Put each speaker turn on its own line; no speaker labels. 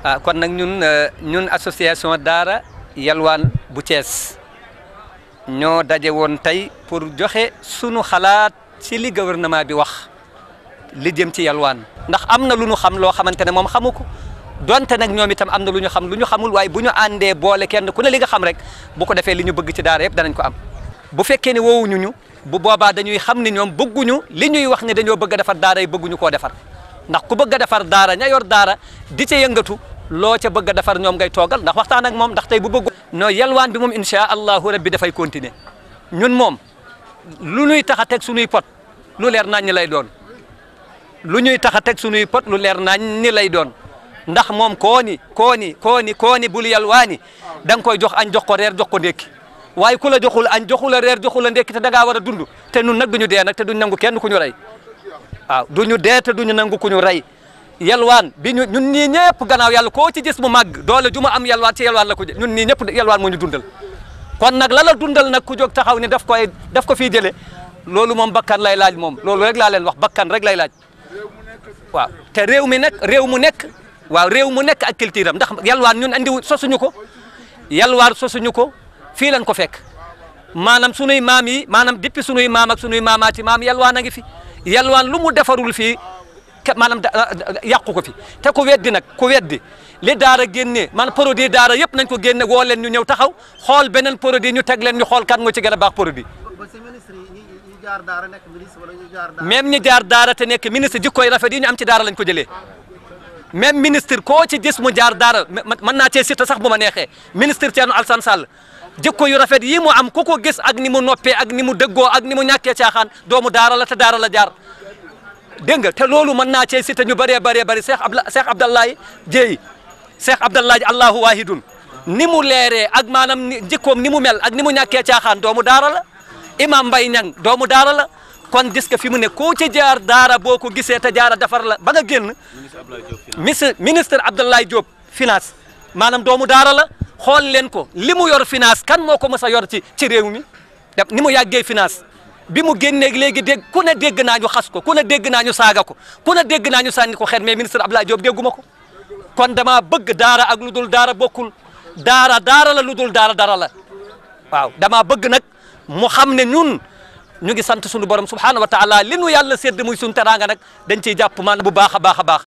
ah kon nag ñun eh, ñun association Daara Yalwaan bu Thiès ñoo daje woon tey pour joxe sunu xalaat ci li gouvernement bi wax li jëm ci yalwaan ndax am na lu ñu xam loo xamante ne moom xamu ko donte nag ñoom itam am na lu ñu xam lu ñu xamul waaye bu ñu àndee boole kenn ku ne li nga xam rek bu ko defee li ñu bëgg ci daara yëpp danañ ko am bu fekkee ne woowuñu ñu bu boobaa dañuy xam ni ñoom bëgguñu li ñuy wax ne dañoo bëgg defar daara yi bëgguñu koo defar ndax ku bëgg defar daara ña yor daara di ca yëngatu loo ca bëgg defar ñoom ngay toogal ndax waxtaan ak moom ndax tey bu bëgg no yalwaan bi moom insha allahu rabbi dafay continuer ñun moom lu ñuy tax a teg suñuy pot lu leer nañ ñi lay doon lu ñuy tax a teg suñuy pot lu leer nañ ñi lay doon ndax moom kooni kooni kooni kooni bul yalwaani da nga koy jox añ jox ko reer jox ko ndékki waaye ku la joxul añ joxul a reer joxul a ndékki te da ngaa war a dund te nun nag duñu dee nag te duñu nangu kenn ku ñu rey waaw duñu dee te duñu nangu ku rey yelwaan bi ñu ñun nii ñëpp ganaaw yàlla koo ci gis mu màgg doole ju ma am yelwaan ci yelwaan la ko jë ñun nii ñëpp yelwaan moo ñu dundal kon nag la la dundal nag ku jóg taxaw ni daf koy daf ko fii jëlee loolu moom bakkan lay laaj moom loolu rek laa leen wax bakkan rek lay waaw te réew mi nekk réew mu nekk waaw réew mu nekk ak culture am ndax yalwaan ñun andi sosuñu ko yalwaar sosuñu ko fii lañ ko fekk maanaam sunuy maam yi maanaam depuis sunuy maam ak sunuy maamaati maam yalwaan a ngi fi yalwaan lu mu defarul fii maanaam yàqu ko fi te ku weddi nag ku weddi li daara génnee man produit daara yëpp nañ ko génne woo leen ñu ñëw taxaw xool beneen produit ñu teg leen ñu xool kan nga ci gën a baax produit même ñi jaar daara te nekk ministre jikkoy rafet yi ñu am ci daara lañ ko jëlee même ministre koo ci gis mu jaar daara mën naa cee cité sax bu ma neexee ministre Thierno Alassane Sall jikko yu rafet yi mu am ku ko gis ak ni mu noppee ak ni mu dëggoo ak ni mu ñàkkee caaxaan doomu daara la te daara la jaar dégg nga te loolu mën naa cee cité ñu bëree bëree bëri Cheikh Abda Cheikh Abdallahi Dieye Cheikh Abdallahi Allahu wahidun ni mu leeree ak maanaam njikkoom ni mu mel ak ni mu ñàkkee caaxaan doomu daara la imam mbay Niang doomu daara la kon gis nga fi mu ne koo ci jaar daara boo ko gisee te jaara defar la ba nga génn ministre ministre Abdoulaye Diop finance maanaam doomu daara la xool leen ko li mu yor finance kan moo ko mës a yor ci ci réew mi ni mu yàggee finance bi mu génneeg léegi dégg ku ne dégg naa ñu xas ko ku ne dégg naa ñu saaga ko ku ne dégg naa ñu sànni ko xeer mais ministre Abdoulaye Diop dégguma ko kon dama bëgg daara ak lu dul daara bokkul daara daara la lu dul daara dara la waaw dama bëgg nag mu xam ne ñun ñu ngi sant suñu borom subhaanahu wa taala li nu yàlla sédd muy suñu teraanga nag dañ ciy jàpp maanaam bu baax a baax a baax